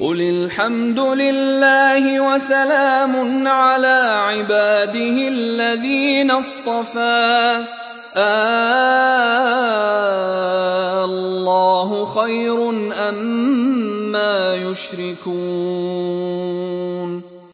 قل الحمد لله وسلام على عباده الذين اصطفى آه، الله خير أما أم يشركون